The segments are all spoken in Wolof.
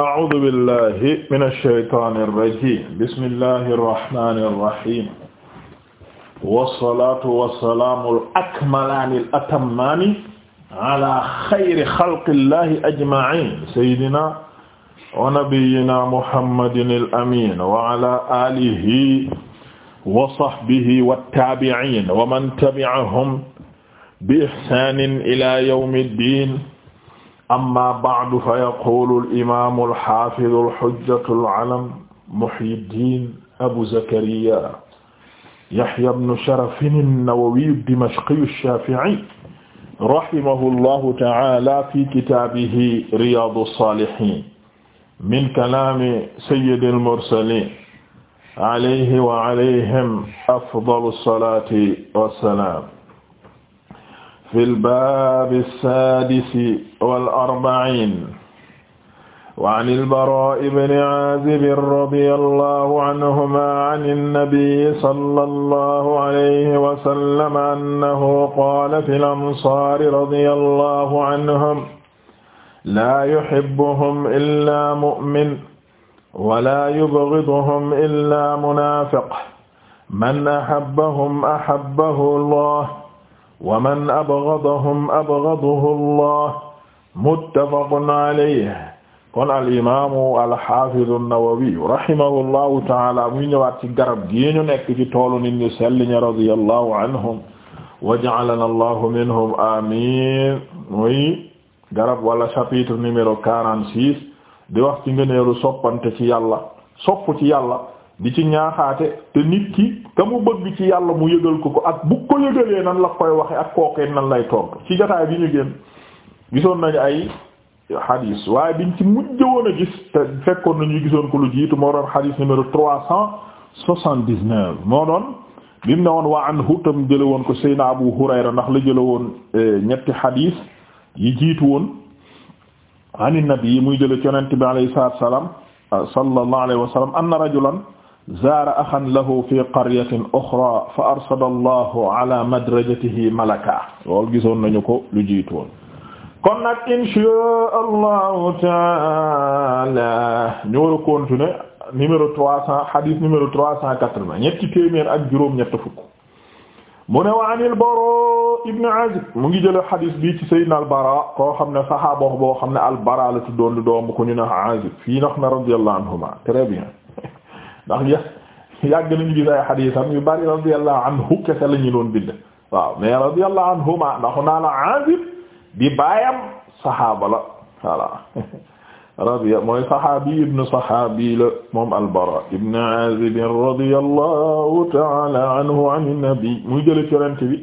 a'uudu billahi mina shaytaani rajiim bismillahi rahmaani rahiim wasalaatu wasalaamu akmalaani al-atammaani ala xayri xalqillahi ajma'iin sayyidinaa wa nabiyyinaa muhammadin al-amiin wa ala aalihi wa sahbihi wat-taabi'iin wa man tabi'ahum bi ihsaanin ilaa yawmi ddiin amma ba'du fa yaqulu al-imaamu al-haafidu al-hujjatu al-alam Muhyiddin Abu Zakariya Yahya ibn Sharaf an-Nawawi ad-Dimashqi ash-Shafi'i rahimahullahu ta'ala fi kitaabihi Riyaadu as-Saalihiin min kalaami sayyidi al-mursaliin alayhi wa alayhim afdalu as-salaati was-salaam fi lbaabi saadisi wal arba'iin wa an al-Baraa ibn Aazib radiyallaahu anhumaa an an-nabiyyi sallallaahu alayhi wa sallam annahu qaala fil ansaari radiyallaahu anhum laa yuhibbuhum illaa mu'min wa laa yubghiduhum illaa munaafiq man ahabbahum ahabbahu Allaah wa man abghadahum abghadahu Allah muttafaqun alayhi kon al imaamu alxaafidu an-Nawawi rahimahullahu taala muy ñëwaat ci garab gii ñu nekk ci toolu nit ñu sell ñi radiyallahu anhum wa ja'alana Allahu minhum amiin muy garab wala chapitre numéro quarante six di wax ci ngëneelu soppante ci yàlla sopp ci yàlla di ci ñaaxaate te nit ki ka mu bëgg ci yàlla mu yëgal ko ko ak bu ko yëgalee nan la koy waxe ak kookee nan lay tontu ci jotaay bi ñu génn gisoon nañu ay xadiis waaye biñ ci mujj woon a gis te fekkoon nañu gisoon ko lu jiitu moo doon xadiis numéro trois cent soixante-dix-neuf moo doon bimu ne woon waa an hutam jële woon ko Seydina Abu Hurayra ndax la jële woon eh, ñetti xadiis yi jiitu woon an nabi muy jële ci yonent bi alayhi salaatu wa salaam eh, sallallahu alayhi wa sallam anna rajulan zaara axan lahu fi qaryatin uxra fa arsala allahu ala madrajatihi malaka loolu gisoon nañu ko lu jiitu woon kon nag inshaa allahu taala ñu war a continuer numéro trois cent hadith numéro trois cent quatre-vingt ñetti téeméer ak juróom ñett fukk mu ne wa anil Bara ibn Azib mu ngi jële hadith bi ci sayyidina al Bara koo xam ne saxaaba boo xam ne al Bara la tuddoon di doomu ko ñu ne Azib fii nax na radiyallahu anhuma très bien ndax yàgg nañu gis ay xadiisam yu bari radiyallahu anhu kese la ñu doon bind waaw mais radiyallahu anhuma ndax naa la Aazib di baayam saxaaba la voilà radiya mooy saxaabi ibnu saxaabi la moom al-Baraa ibnu Aazib radiyallahu ta'ala anhu an nabi muy jële ci yonent bi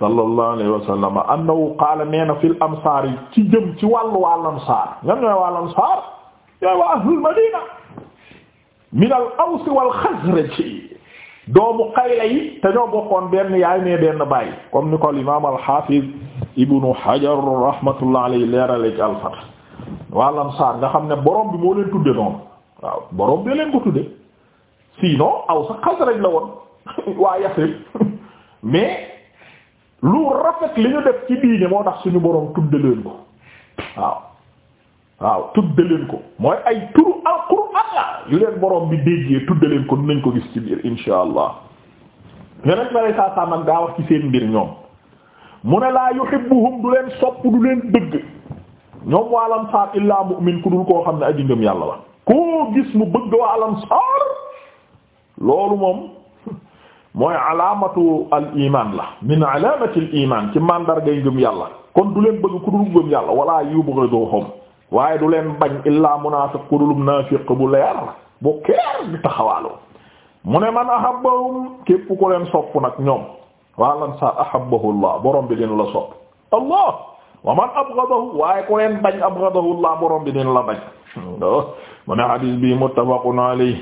sallallahu alayhi wa sallam annahu qaala nee na fil ansaar yi ci jëm ci wàllu wàllu ansaar ñan ñooy wàllu ansaar ñooy waa ahlul Madina min al aws wal xasraj doomu xayla yi te ñoo bokkoon benn yaay mais benn baay comme ni ko al imaam al xaafiz ibnu hajar rahmatullah alayhi leerale ci al fath wal ansaar nga xam ne borom bi moo leen tudde noonu waaw borom bi leen ko tudde sinon aw sa xasraj la woon waa yasrib mais lu rafet li ñu def ci diine moo tax suñu borom tudde leen ko waaw waaw tuddaleen ko mooy ay turu alquran la yu leen borom bi déggee tuddaleen ko dinañ ko gis ci biir insha allah yonent na lay saa saa daa wax ci seen mbir ñoom mu ne laa yuhibbuhum du leen sopp du leen bëgg ñoom waa Ansaar illaa mu'min ku dul koo xam ne aji ngëm yàlla la koo gis mu bëgg waa Ansaar loolu moom mooy alaamatu al la min alaamati al iman ci mandargay ngëm yàlla kon du leen bëgg ku dul ngëm yàlla wala yubghiduhum waaye du leen bañ illaa munaafiq ku dul munaafiq bu leer bu keer di taxawaaloo mu ne man ahabbahum képp ku leen sopp nag ñoom waa lan sa ahabbahu allah borom bi dina la sopp allah wa man abghadahu waaye ku leen bañ abghadahu allah borom bi dina la bañ mu ne xadis bi muttafaqun alayhi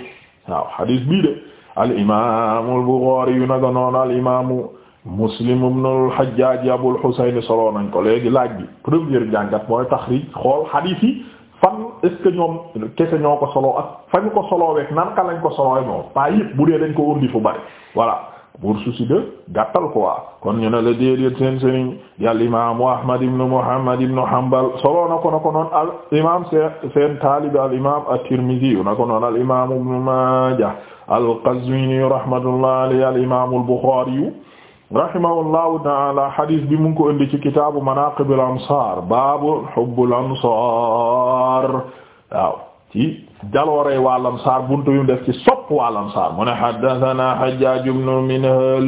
waaw xadis bii de al imaamu al buxaari yu naga noonu al imaamu muslim ibn al-Hajjaj Abul Husayn solo nañ ko léegi laaj bi première jàngat mooy taxrij xool hadith yi fan est ce que ñoom kese ñoo ko solo ak fañu ko solo week nan ka lañ ko solo moom pas yëpp bu dee ko undi fu bari voilà pour souci de gàttal quoi kon ñu ne la déedéet seen sëriñ di al imaamu Ahmad ibn Muhammad ibn Hanbal solo na ko na ko noon al imaam seen seen taalibi al imaam at-Tirmidhi na ko noon al imaam ibn Maaja al-Qazwini rahmatullahi alayhi al imaam al-Bukhari rahimahullahu taala hadis bi mu ngi ko indi ci kitaabu manaaqibil ansaar baabu hubbul ansaar waaw ci jaloorey wal ansaar buntu bi mu def ci sopp wal ansaar mu ne haddasanaa Hajjaaj ibnu Minhaal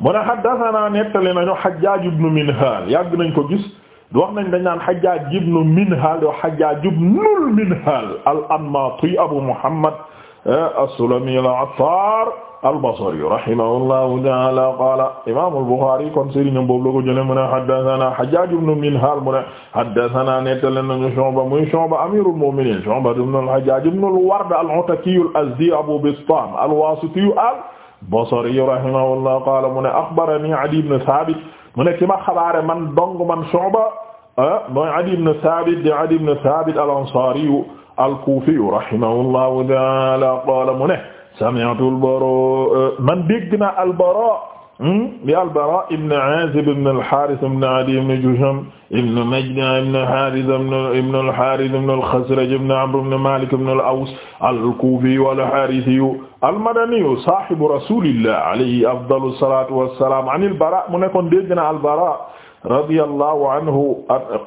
mu ne haddasanaa nettali nañu Hajjaaj ibnu Minhaal yàgg nañ ko gis wax nañ dañ naan Hajjaaj ibnu Minhaal yoo Hajjaaj ibnul Minhaal al-Anmaati Abu Muhammad as-Sulami al-Attar al-Basri rahimahullahu ta'ala qala imam al-Bukhari kon sëriñam boobu la ko jëlee mu ne haddathana Hajjaj ibn Minhal mu ne haddathana nettali nañu Shu'ba muy Shu'ba amirul mu'minin Shu'ba ibn al-Hajjaj ibn al-Ward al-Ataki al-Azdi Abu Bistam al-Wasiti al-Basri rahimahullahu qala mu ne akhbarani Adi ibn Thabit mu ne ki ma xabaare man dong man Shu'ba ah, mooy Adi ibn Thabit di Adi ibn Thabit al-Ansari al-Kufiyu rahimahullahu ta'ala qala mu ne sami'tu al-Bara man dégg naa al-Bara bi hmm, al-Bara ibn Azib ibn al-Harith ibn Adi ibn Jusham ibn Majda ibn Harith ibn al-Harith ibn al-Khazraj ibn Amr ibn Malik ibn al-Aws al-Kufi wal-Harithi al-Madani sahibu rasulillah alayhi afdalu salatu wassalam an al-Bara mu ne kon dégg naa al-Bara radiyallahu anhu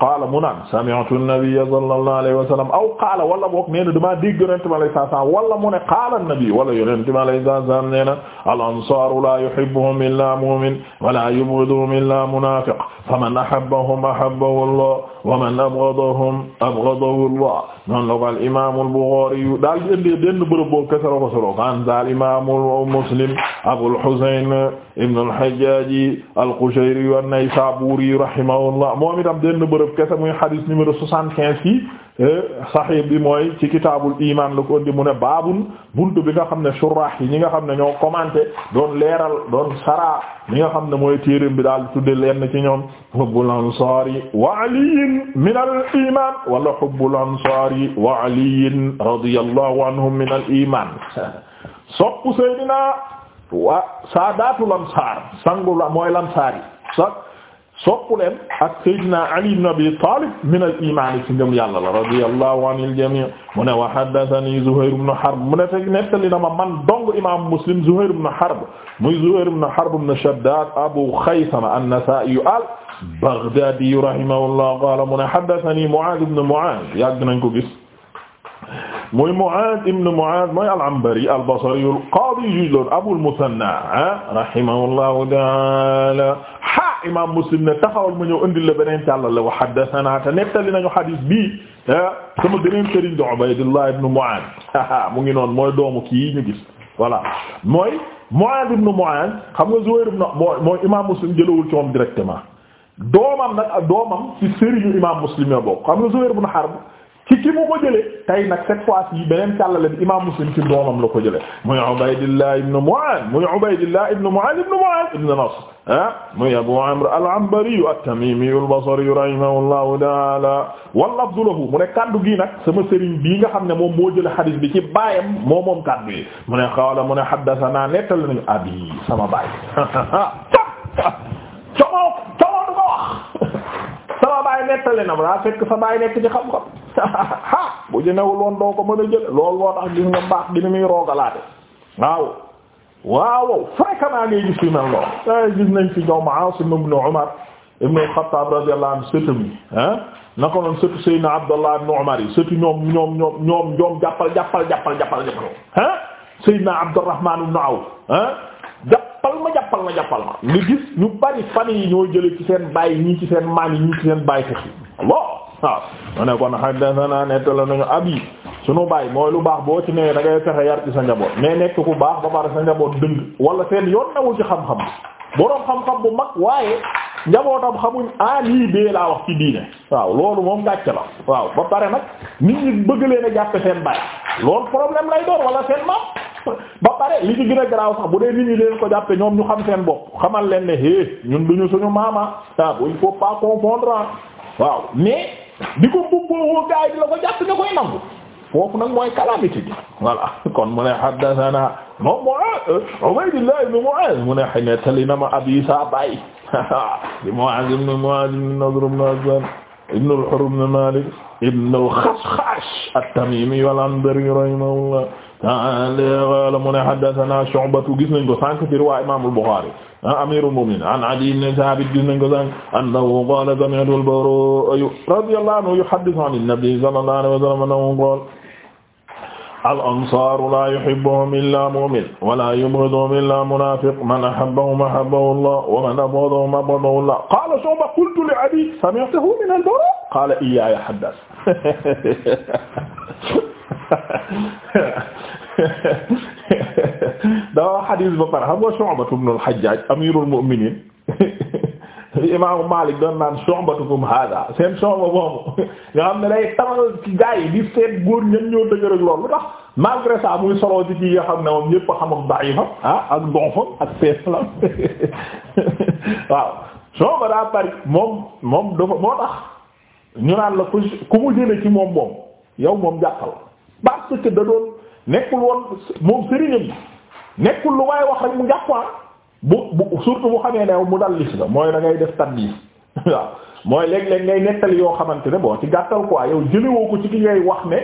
qaala mu naan sami'tu an-nabiyya sallallahu alayhi wa sallam aw qaala wala boog nee na damaa dégg yonente mi alayhi salaam wala mu ne qaala an-nabi wala yonente mi alayhi salaam nee na al-ansaaru laa yuhibbuhum illaa mu'min wa laa yubghiduhum illaa munaafiq faman ahabbahum ahabbahu Allah wa man abghadahum abghadahu Allah noonu la ko al imaam al-Bukhari yu daal di indi benn bërëb boo kese la ko solo kan daal imaam Muslim Abul Husayn ibn al-Hajjaj al-Qushayri an-Naysaburi rahimahullah moom itam benn bërëb kese muy hadith numéro 75 yi saxiix bi mooy ci kitaabul iman la ko indi mu ne baabun buntu bi nga xam ne surah yi ñi nga xam ne ñoo commenté doon leeral doon saraa li nga xam ne mooy téereem bi daal tudde lenn ci ñoom hubbul ansaari wa aliyin min al iman wala hubbul ansaari wa aliyin radiyallahu anhum min al iman soppu seydina wa saadatul ansaar sangu la mooy lansaar yi soppu leen ak Seydina Ali ibn Abi Talib min al iman ci ngëm yàlla la radiyallahu anil jami' mu ne wa haddathani Zuhayr ibn Harb mu ne fekk nettali na ma man dong imam Muslim Zuhayr ibn Harb muy Zuhayr ibn Harb ibn Shaddad Abu Khaythama an-Nasa'i al-Baghdadi rahimahullah qala mu ne haddathani Mu'adh ibn Mu'adh yàgg nañ ko gis muy Mu'aaz ibn Mu'aaz mooy al-Anbari al-Basri al-Qaadi juge loon Abul Musanna rahimahullahu ta'aala ha imaam Muslim ne taxawal ma ñëw indil la beneen càlla la wa haddathanaa te nettali nañu hadis bii sama beneen sëriñ di Ubaydullah ibn Mu'aaz mu ngi noonu mooy doomu kii ñu gis voilà mooy Mu'aaz ibn Mu'aaz xam nga Zuhayr ibn mooy imaam Muslim jëlawul ci moom directement doomam nag doomam ci sëriñu imaam Muslim la bokk xam nga Zuhayr ibn Harb ci ki mu ko jëlee tey nag cette fois ci beneen càllale bi imam Muslim ci doomam la ko jëlee muy Ubaydillah ibn Mu'adh muy Ubaydillah ibn Mu'adh ibn Mu'adh ibn Nasr ah muy Abu Amr al-Anbari at-Tamimi al-Basri rahimahullahu ta'ala wal lafzu lahu mu ne kaddu gi nag sama sëriñ bii nga xam ne moom moo jëlee hadith bi ci baayam moo moom kaddu yi mu ne qaala mu ne haddathana nettali nañu abi sama baay. coono coono du baay nettali na laa fekk sa baay nekk ci xam-xam bu ci newul woon doo ko mën a jël loolu moo tax gis nga mbaax gi ni muy roogalaate waaw waaw fréquemment ngay gis fi mel noonu ay gis nañ fi ñoom Aasim ibn Umar ibn al-Khattab radiyallahu anhu sëtam yi ah na ko noon sëtu Seydina Abdallah ibn Umar yi sëtu ñoom ñoom ñoom ñoom ñoom jàppal jàppal jàppal jàppal jàppal ah Seydina Abdurrahman ibn Awf ah jàppal ma jàppal ma jàppal ma nga gis ñu bari famille yi ñoo jële ci seen bàyyi ñii ci seen maam yi ñii ci seen bàyyi sax yi bon waaw mu ne kon haddathana nettali nañu bàyyi mooy lu baax boo ci newee da ngay fexe yar ci sa njaboot mais nekk ku baax ba pare sa njaboot dëng wala seen yoon nawul ci xam-xam boroom xam-xam bu mag waaye njabootam xamuñ aa ah, lii bee laa wax ci diine waaw loolu moom gàcce la waaw ba pare nag nit ñi bëgg leen jàppe seen bàyyi loolu problème lay doon wala seen maam ba li ci gën a bu dee nit ñi leen ko jàppe ñoom ñu xam seen bopp xamal leen ne hé eh, ñun duñu suñu maama ah il faut pas confondre ah. waaw mais di ko mbubboo gaa yi di la ko jàpp ne koy nangu foofu nag mooy calamité bi voilà kon mu ne haddathana moom mooy euh, Ubaydillah ibn Mu'az mu ne xëy na tali na ma abi saa baay di Mu'az ibn Mu'az ibn Nadr ibn Azban ibn al-Hurr ibn Malik ibn al-Khashkhash at-Tamimi wal-Anbari rahimahullah taala mu ne haddathana Shu'batu gis nañ ko sànq ci riwaa Imaamul Buxaari Amiirul Mu'miniin an Adiyy ibn Thaabit gis nañ ko sànq annahu qaala sami'tu al-Baraa' radiyallahu anhu yuhaddithu an an-nabi sallallahu alayhi wa sallam annahu qaala al-ansaaru laa yuhibbuhum illaa mu'min wa laa yubghiduhum illaa munaafiq man ahabbahum ahabbahu Allah wa man abghadahum abghadahu Allah qaala Shu'ba qultu li Adiyy sami'tahu min al-Baraa' qaala iyyaaya haddath dafa xadiis ba pare xam nga Shu'batu ibn al-Hajjaj amirul mu'minin imaamu Maalik doon naan Shu'batukum hada seen Shu'ba boobu nga xam ne day tamal ci di seet góor ñan ñoo dëgër ak loolu tax malgré ça solo ci kii nga ne moom ñépp a xam ak da'ifam ah, bari moom moom dafa moo tax ñu naan la ku mu jële ci moom moom yow moom jàppal parce que da doon nekkul woon moom sëriñam bi nekkul lu waaye wax rek mu jàpp ah. bu bu surtout bu xamee ne mu dal lis la mooy da ngay def tadlis waaw mooy léeg-léeg ngay nettali yoo xamante ne boo ci gàttal quoi yow jëlewoo ko ci ki ngay wax ne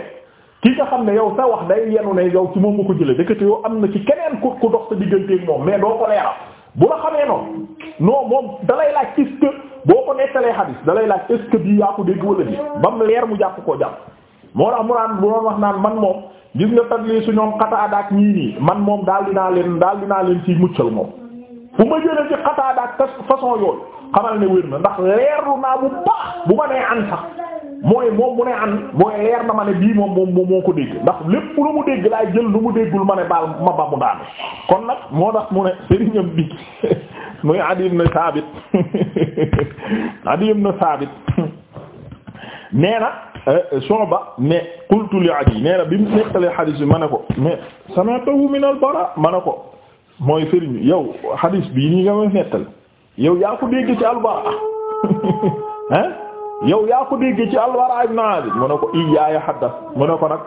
ki nga xam ne yow sa wax day yenu ne yow ci moom nga ko jële dëkkate yow am na ci keneen ku ku dox sa digganteeg moom mais doo ko leeral bu la xamee noonu noo moom dalay laaj est-ce boo ko nettalee xadis dalay laaj est-ce que bii yaa ko dégg wala ba mu leer mu jàpp koo jàpp moo tax mu naan bu doon wax naan man moom gis nga tadli su ñoom Qataada ak nii man moom daal dinaa leen daal dinaa leen ci muccal moom fu ma jëlee ci Qataada ak façon yooyu xamal ne wér na ndax leerlu naa bu baax bu ma nee an sax mooy moom mu ne an mooy leer na ma ne bii moom moom moo ko dégg ndax lépp lu mu dégg laay jël lu mu déggul ma ne baal ma ba mu daane kon nag moo tax mu ne sëriñam bi muy Adi Saabit Adi Saabit nee na Euh, Shu'ba ne qultu li Adi nee na bi mu nettalee xadis bi ma ne ko mais sami'tuhu min al-Bara ma ne ko mooy sëriñ yow xadis bii nii nga may nettal yow yaa ko dégg ci al-Bara ah yaa ko dégg ci al-Bara ibn Azib mu ko iyyaaya haddath mu ne ko nag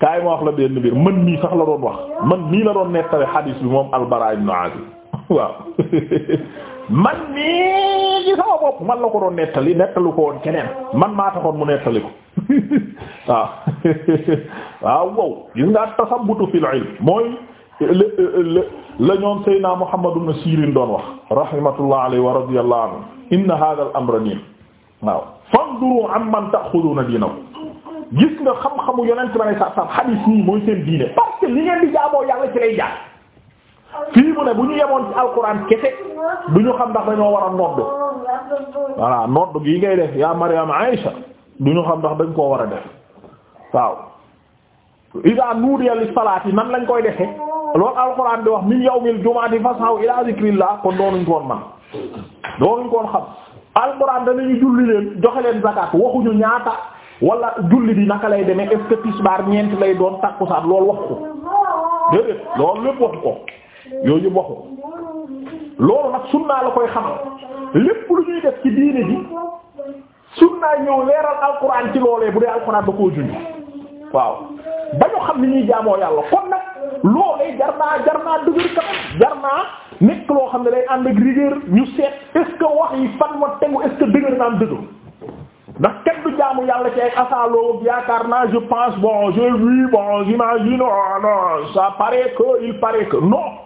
kaay ma wax la benn mbir man mii sax la doon wax man mii la doon nettalee xadis bi moom al-Bara ibn waaw man mii ci sama bopp man la ko doon nettali nettalu ko woon keneen man maa taxoon mu nettali ko waaw waaw wow gis nga tasabbutu fil ilm mooy la ñoom Seydina Muhammad ibn Sirin doon wax rahmatullah alayhi wa radiyallahu anhu inna hadha al amra niin waaw fanduru amman ta'khuduna dinakum gis nga xam-xamu yonent bi sallallahu alayhi wasallam hadith nii mooy seen diine parce que li ngeen di jaamoo yàlla ci lay jaar fii mu ne bu ñu yemoon ci alquran kese du ñu xam ndax dañoo war a nodd voilà nodd gi ngay def yaa Maryam Aïcha du ñu xam ndax dañ koo war a def waaw idaa nuudiya li yi man lañ koy defe loolu alquran di wax min yawmil jumaati fasaw ila zikrillah kon doonuñ koon man doonuñ koon xam julli leen joxe leen zakat waxuñu ñaata wala julli bi naka lay demee est-ce que tisbaar lay doon takkusaan loolu wax ko déedéet loolu lépp wax ko yooyu yëpp loolu nag sunnaa la koy xamal lépp lu ñuy def ci diine ji sunnaa ñëw leeral alquran ci loolee bu dee alquran da koo junj waaw ba ñu xam ni ñuy jaamoo yàlla kon nag loolee jar naa dëgër kanam jar nekk loo xam ne day ànd ak rigueur ñu seet est-ce que wax fan ma tegu est que dëgër naam dëgër ndax kenn du jaamu yàlla ci ay asaaloo yaakaar naa je pense bon je vis bon j'imagine oh non ça paraît que il paraît que non.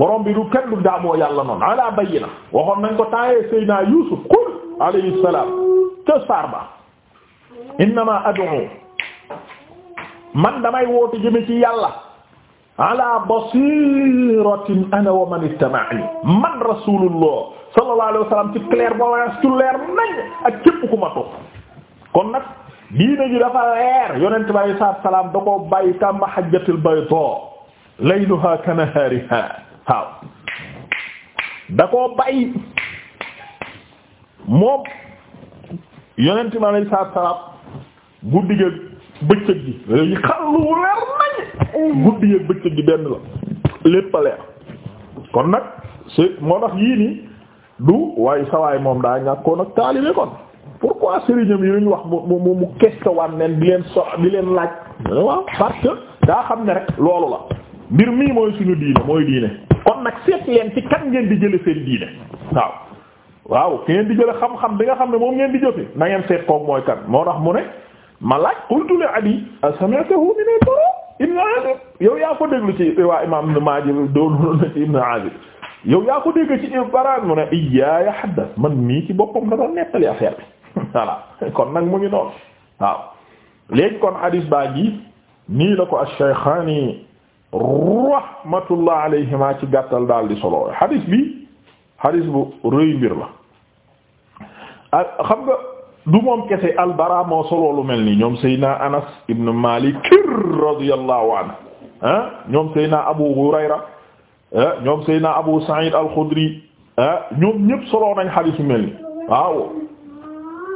borom bi du kenn du jaamoo yàlla noonu ala bayyina waxoon nañ ko taayee Seydina Yuusuf qul alayhi salaam ca sarba innama ad'u man damay woote jëme ci yàlla ala basiratin ana wa man ittaba'ani man rasulullah sallallahu alayhi wa sallam ci clairvoyance ci leer nañ ak képp ku ma topp kon nag diina ji dafa leer yonent bi alayhi salaam da ko bàyyi kama hajjatul bayda laylaha ka nahariha waaw da koo bàyyi moom yonent mi alayhi salaatu salaam guddi gi bëccëg gi léegi xam lu leer nañ guddi gi bëccëg gi benn la lépp a leer kon nag c'est moo tax yii nii du waaye sawaay moom daa ñàkkoon ak taalibe kon pourquoi sëriñam yi ñu wax mu mu mu kestawaan neen di leen so di leen laaj waaw parce que daa xam ne rek loolu la mbir mii mooy suñu diine mooy diine kon nag seet leen ci kan ngeen di jële seen diine waaw waaw ki ngeen di jële xam-xam bi nga xam ne moom ngeen di jëfe na ngeen seet koog mooy kan moo tax mu ne ma laaj qultu li Adi sami'tahu min al-Bara ibn Azib yow yaa ko déglu ci waa imam yow yaa ko dégg ci Bara mu ne iyaaya xaddas mii ci boppam da affaire bi voilà kon nag mu ngi noonu waaw léegi kon hadis baa gi nii la ko ash-Shaykhani rahmatullah alayhima ci gàttal daal di solo xadis bi xadis bu rëy mbir la ah, xam nga du moom kese albara moo solo lu mel nii ñoom Seydina Anas ibn Malik radiyallahu anhu ah ñoom Seydina Abu Hurayra ah ñoom Seydina Abu Sa'id al-Khudri ah ñoom ñëpp solo nañ xadis bu mel nii waaw.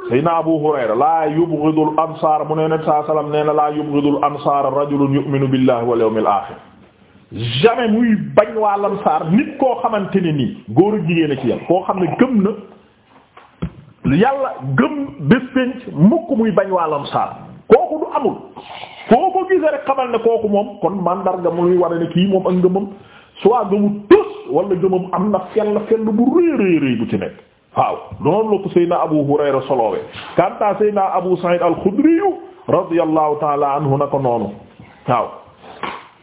sayna Abu Hurayra laa yubghidul ansaar mu ne Nabi sallallahu alayhi wasallam nee na laa yubghidul ansaar rajulun yu'minu billahi wal yawmil aaxir jamais muy bañ waa lansaar nit koo xamante ni nii góor ak jigéen a ci yam koo xam ne gëm na yàlla gëm bés penc mukk muy bañ waa lansaar kooku du amul foo ko gisee rek xamal ne kooku moom kon màndarga muy wara ne kii moom ak ngëmam soit gëmu tus wala gëmam am na fell fell bu rëy rëy rëy bu ci nekk waaw noonu la ko Seydina Abu Hurayra solowee kanta Seydina Abu Sa'id al-Khudri radiyallahu ta'ala anhu na ko noonu waaw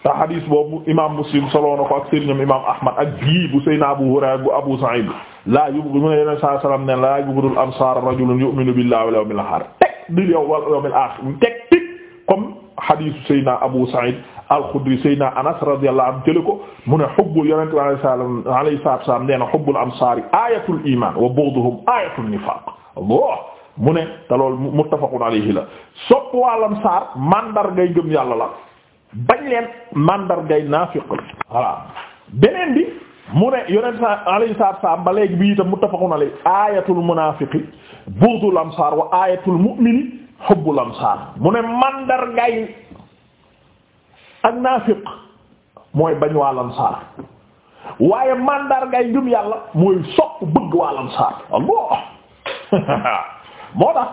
te hadis boobu imam Muslim soloo na ko ak sëriñam imam Ahmad ak bii bu Seydina Abu Hurayra bu Abu Sa'id laa yubghidu mu ne yeneen saa sallam ne laa yubghidul ansaar rajulun yu'minu billahi wal yawmil aaxir teg di yow wal yawmil aaxir teg tig comme hadisu Seydina Abu Sa'id al-Xudri Seydina Anas radiyallahu anhu jële ko mu ne hubbu yonente bi alayhi salaam alayhi salaatu salaam nee na hubbul ansaari aayatul iimaan wa bughduhum aayatul nifaaq Allah mu ne te loolu muttafaqun alayhi la sopp wal ansaar mandargay gëm yàlla la bañ leen mandargay naafiq voilà beneen bi mu ne yonent sa alayhi salaatu salaam ba léegi bi itam muttafaqun alayhi aayatul munaafiqi bughdul ansaar wa aayatul mu'mini hubbul ansaar mu ne mandargay ak naafiq mooy bañ waa lansaar waaye màndargaay ngëm yàlla mooy sopp bëgg waa lansaar allah moo tax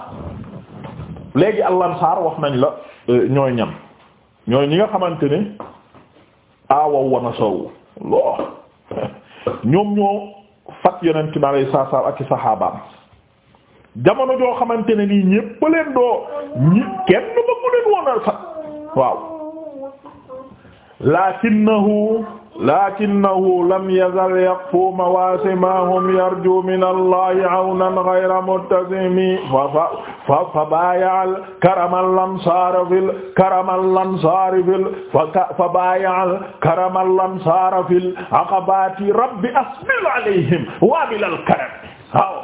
léegi al lansaar wax nañ la euh, ñooy ñam ñooy ñi nga xamante ne aawaw wana sow allah ñoom ñoo fat yonent bi alayhi salaatu salaam ak i saxaabaam jamono joo xamante ne nii ñépp leen doo ñi kenn bëggu leen woon a fat waaw lakinnahu lakinnahu lam yazal yaqfu mawasimahum yarju min allahi awnan ghayra muttasimi fa fa baaya karamal lansaar fil karamal lansaar fil fa baaya karamal lansaar fil aqabati rabbi asbil alayhim wa bilal karam waaw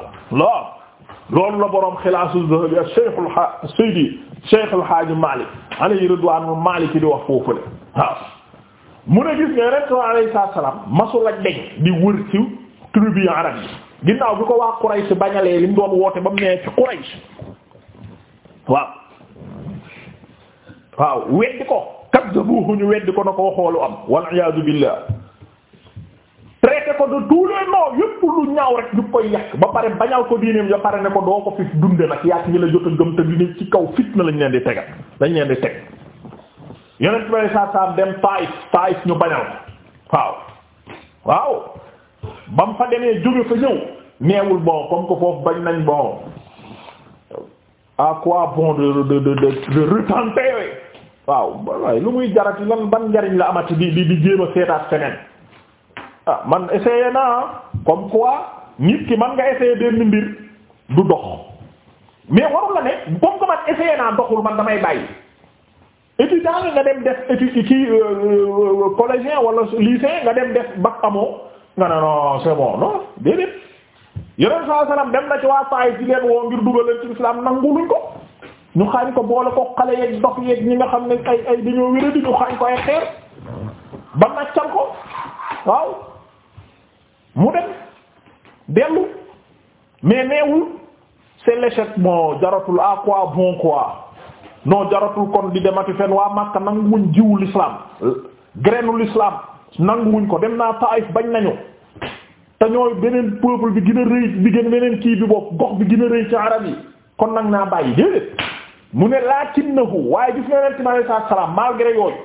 loolu la boroom xilaasu zahabi Cheikh al Seydi Cheikh al Haaji Malik alayhi ridwaanu Malik di wax foofu waaw mu ne gis nga Yonent bi alayhi salaam masul ak deñ di wër ci tribu arab yi ginnaaw bi ko waa Quraysh bañalee li mu doon woote ba mu nee ci Quraysh waaw waaw weddi ko kadzabuhu ñu weddi ko na koo xoolu am wal iyaadu billah traité ko du tous les noms lu ñaaw rek ñu koy yàq ba pare bañal ko diineem ya pare ne ko doo ko fi dunde nag yaa ngi la jot a gëm te dina ci kaw fitna lañ leen di tegal lañ leen di teg yonent bi saa saam dem Taif ñu bañal waaw waaw ba mu fa demee jóge fa ñëw neewul bon comme que foofu bañ nañ bon à bon de de de de retenter waaw waaye lu muy jarati lan ban njariñ la amati di di di jéem a seetaat feneen ah man essayé naa comme quoi nit ki man nga essayé benn mbir du dox mais warul la ne comme man essayé naa doxul man damay bàyyi. étudiant nga dem def étude ci euh, euh, euh, collégien wala lycée nga dem def bac amoo nga ne non c'est bon non déedéet yeneen saa salaam dem na ci waa Faye ci leen woo ngir dugal leen ci islam nanguluñ ko ñu xaañ ko boole ko xale yeeg dox yeeg ñi nga xam ne ay ay dañoo wéré di ñu xaañ ko ay xeer ba naccal ko waaw mu dem dellu mais neewul c'est l'échec moo jaratul à quoi bon quoi. non jaratul kon di demati fen waa Makka nanguwuñ jiwu l'islam grainu l'islam nanguwuñ ko dem naa Taayif bañ nañu te ñoo beneen peuple bi gën a rëy bi gën beneen kii bi bopp gox bi gën a rëy ci arab yi kon nag naa bàyyi déedéet mu ne lakinnahu waaye gis nga Yonent bi alayhi salaatu salaam malgré yooyu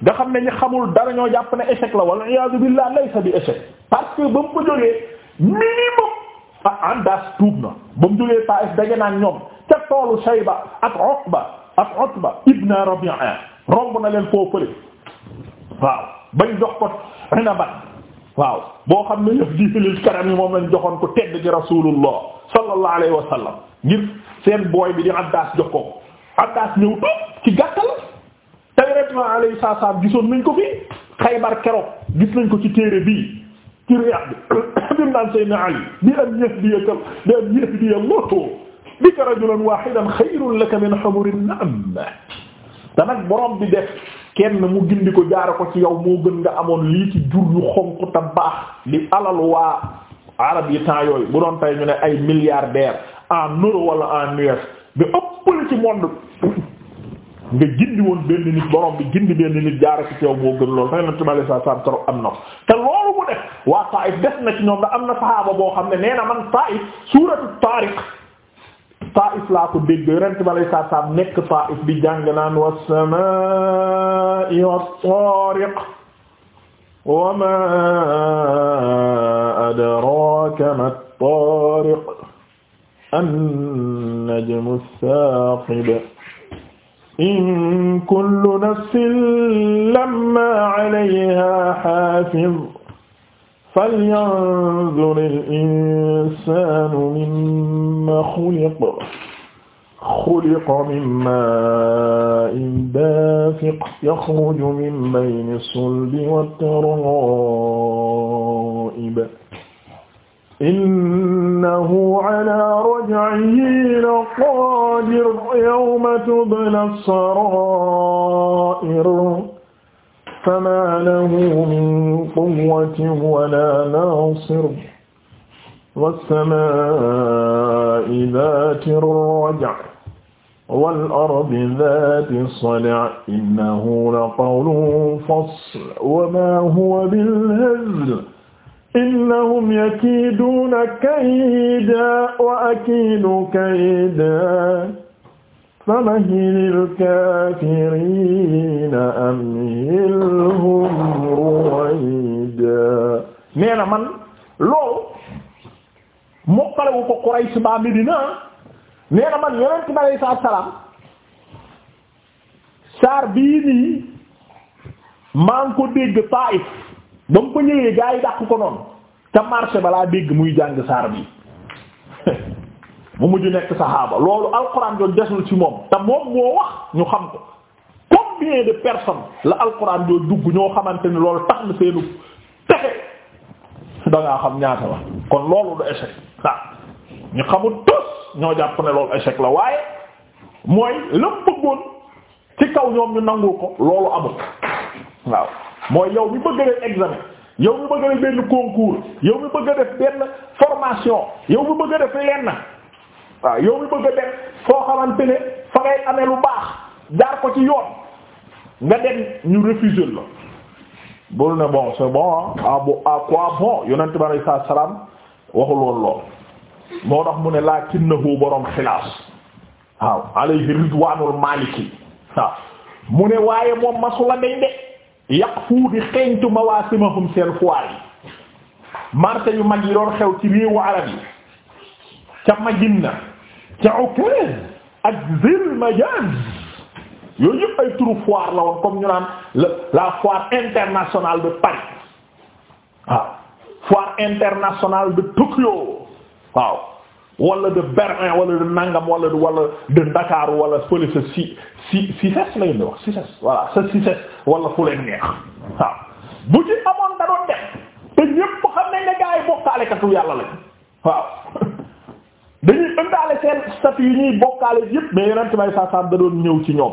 nga xam ne ñi xamul dara ñoo jàpp ne échec la wala iyaadu billah laysa bi échec parce que ba mu ko jógee minimum ah andas tuub na ba mu jógee Taayif daje naa ca toolu Shayba ak Uqba ak Utba ibn Rabi'a romb na leen foo fële waaw bañ jox ko inabat waaw boo xam ne yëf jiilil karam yi moom lañ joxoon ko tedd gi Rasulullah sallallahu alayhi wa sallam ngir seen booy bi di Abbaas jox ko Abbaas ñëw toog ci gàttal te Yonent bi alayhi salaam gisoon nañ ko fii Xaybar keroog gis nañ ko ci téere bii ci Riyad bi bi mu naan Sayyidina Ali bi am yahdiya bi am yahdiya Allah bika rajulan wahidan xayrun laka bi def kenn mu gindi ko jaare ko ci yow moo gën nga amoon lii ci jur yu xonq te baax li alal waa arab yi temps yooyu bu doon tey ñu ne ay milliardaire en euro wala en US nga ëppal gindi woon benn nit borom bi gindi benn nit jaare ci yow moo gën loolu tey na sa saam trop am na te loolu mu def waa Taif def ci ñoom da am na sahaaba boo xam ne nee man Taif suuratu Taariq Taif laa ko dégg yonent ba lay saa saam nekk Taif bi jàng naan was-samaa'i was-saariq wa maa adraaka mat-taariq an-najmu as-saaqib in kullu nafsin lammaa 'alayhaa haafiz falyanzuril insaanu mimmaa xuliqa xuliqa min maa'in daafiq yaxruju min bayni sulbi wat-taraa'ib innahu alaa raj'ihi laqaadir yawma tubla as-saraa'ir فما له من قوة ولا ناصر والسماء ذات الرجع والأرض ذات الصدع إنه لقول فصل وما هو بالهزل إنهم يكيدون كيدا وأكيد كيدا famahilil kaafiriina amhilhum ruwayda nee na man loolu mokkale wu ko Quraysh ba Medina nee man yonent bi alayhi salaam saar bii nii maa ngi ko dégg Taif ba mu ko ñëwee gaa yi dàq ko noonu ca marché balaa dégg muy jàng saar bi mu mujj nekk saxaaba loolu alquran jooju desul ci moom te moom moo wax ñu xam ko combien de personnes la alquran jooju dugg ñoo xamante ni loolu tax na seenu texe da xam ñaata la kon loolu du échec waaw ñu xamul tos ñoo jàpp ne loolu échec la waaye mooy lépp bëggoon ci kaw ñoom ñu nangu ko loolu amul waaw mooy yow mi bëgg leen examen yow mi bëgg def benn concours yow mi bëgg def benn formation yow mi bëgg def lenn. waaw yow mi bëgg a foo xamante ne amee lu baax jaar ko ci yoon nga dem ñu refuser la bul ne bon c'est bon ah, ah bon à ah, quoi bon yonent bi alay salaam waxul woon lool moo tax mu ne lakinnahu borom xilaas waaw alayhi ridwanul maliki waaw mu ne waaye moom masula dañ de yàq fuu di xeeñtu mawaasimahum seen foire yi marché yu mag yi doon xew ci réewu arab yi ca Madina ca Ukaz ak Zil Majaz yooyu yëpp ay turu foire la woon comme ñu naan la foire internationale de Paris waaw foire internationale de Tokyo waaw wala de Berlin wala de Nangam wala de wala de Dakar wala fële sa si si si ses la yéen wax si ses voilà sa si ses wala fu leen neex waaw bu ci amoon da doon def te ñépp xam nañ ne gaa yi bokkaale katu yàlla lañ waaw. dañuy ëndaale seen statut yi ñuy bokkaale yëpp mais yeneen may saa saa da doon ñëw ci ñoom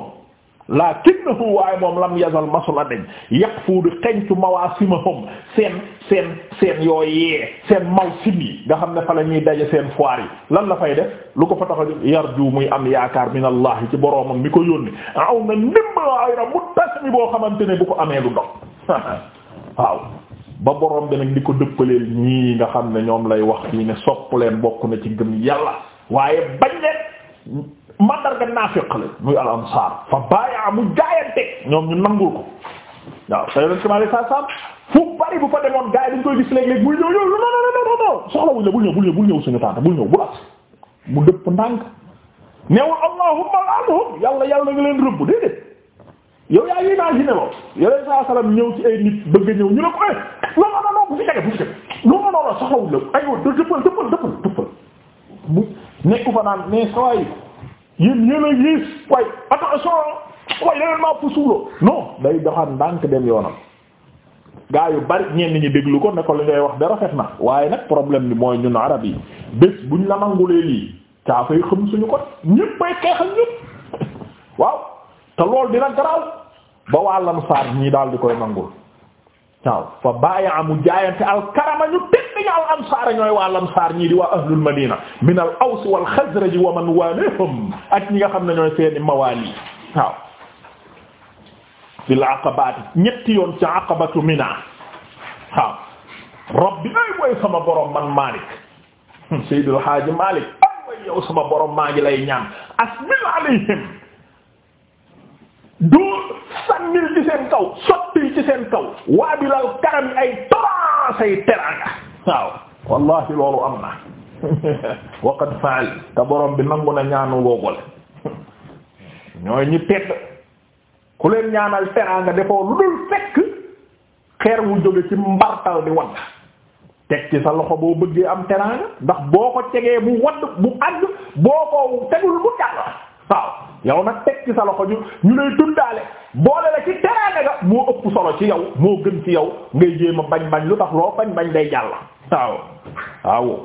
lakinnahu waaye moom lam yazal masula deñ yàq fu di xencu mawaasimahum seen seen seen yooyee seen mawsim yi nga xam ne fa la ñuy daje seen foire yi lan la fay def lu ko fa tax yar yarju muy am yaakaar min allah ci boroomam mi ko yónni aw na ndimb ayra mu tas mi boo xamante ne bu ko amee lu dox waaw ba borom bi nag di ko dëppaleel ñii nga xam ne ñoom lay wax fii ne sopp leen bokk na ci gëm yàlla waaye bañ leen mandarga naafiq la muy al ñoom ñu nangul ko waaw te yoleen suñu tànte bul ñëw yàlla yàlla nga leen rëbb déedéet yow yaa ngi imaginer moom yeneen saa salaam ñëw ci ay nit bëgg ñëw ñu ne ko eh non la aywa oh, dëppal dëppal dëppal nekku fa naan mais saa yi a gis waaye attention waaye yeneen day doxaan ndànk dem yoonam. gaa yu bari ñenn ñi déglu ko ne ko ngay wax dara rafet na waaye nag problème mooy ñun arab yi bés buñ la nangulee lii caafay xam suñu ko ñëpp bay xeexal ñëpp waaw. te loolu dina garaaw ba waa lansaar ñii daal di koy nangul waaw fa bàyyi amu jaayante alkarama ñu tëdd ñu al ansaar ñooy waa lansaar ñii di waa ahlul madina min al aws wal xazraj wa man waalihum ak ñi nga xam ne ñooy seeni mawaali waaw bil aqabaati ñetti yoon ci aqabatu mina waaw rabbi ay way sama borom man Malik Seydil Haaji Malik ay way yow sama borom maa ngi lay ñaan asbil alayhim doo sànnil ci seen kaw sottil ci seen kaw waabilal karami ay torans ay teranga waaw wallahi loolu am na waqad faal te borom bi nangu na ñaanu googole ñooy ñi tedd ku leen ñaanal teranga defoo lu dul fekk xeer wu jóge ci mbartal di wadd teg ci sa loxo boo bëggee am teranga ndax boo ko tegee bu wadd bu àgg boo ko tegul bu jàll waaw yow nag teg ci sa loxo ñu ñu lay dundaale boole la ci teraanga ga moo ëpp solo ci yow moo gën ci yow ngay jéem a bañ bañ lu tax loo bañ bañ day jàll waaw waaw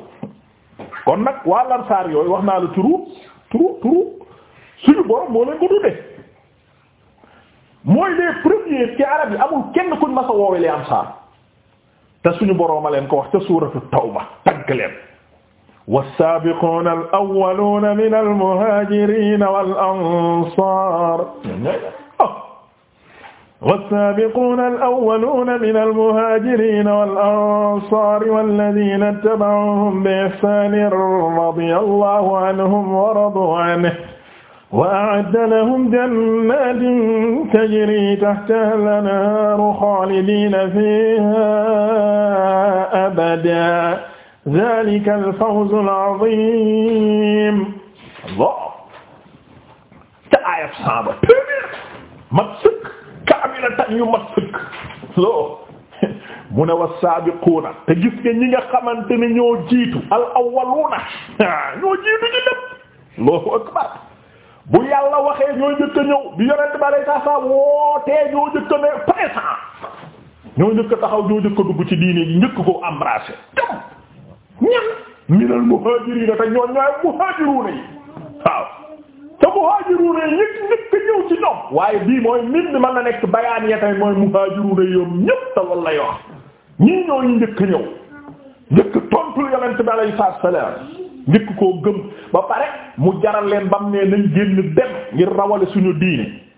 kon nag waa Lansaar yooyu wax naa la turu turu turu suñu borom moo leen ko tudde mooy les premiers ci arab yi amul kenn kuñ masa woowe am Ansaar te suñu borom a leen ko wax ca suuratu Tawba tagg leen والسابقون الأولون من المهاجرين والأنصار والسابقون الأولون من المهاجرين والأنصار والذين اتبعوهم بإحسان رضي الله عنهم ورضوا عنه وأعد لهم جنات تجري تحتها الأنهار خالدين فيها أبدا zaalika al-fawzul aziim Allah ca ayab saaba téeméer mat sëkk kaamilatan yu mat sëkk loo mu ne was-saabiquuna te gis nga ñi nga xamante ne ñoo jiitu al-awwaluuna ñoo jiitu ci lépp Allahu akbar bu yàlla waxee ñoo njëkk a ñëw bi yonent ba lay saa saa wootee ñoo njëkk a ne présent ñoo njëkk a taxaw ñoo njëkk a dugg ci diini njëkk ko embrasser ñan minal muhaajiriina te ñoon ñooy muhaajiruuna yi waaw te muhaajiruuna yi ñëpp ñëpp ñëw ci ñoom waaye bii mooy nit bi mën na nekk bayaan ya tamit mooy muhaajiruuna yi yoom ñëpp te loolu lay wax ñii njëkk ñëw njëkk tontul yonent bi salaam njëkk koo gëm ba pare mu jaral leen bam ne nañ génn dem ngir rawale suñu diine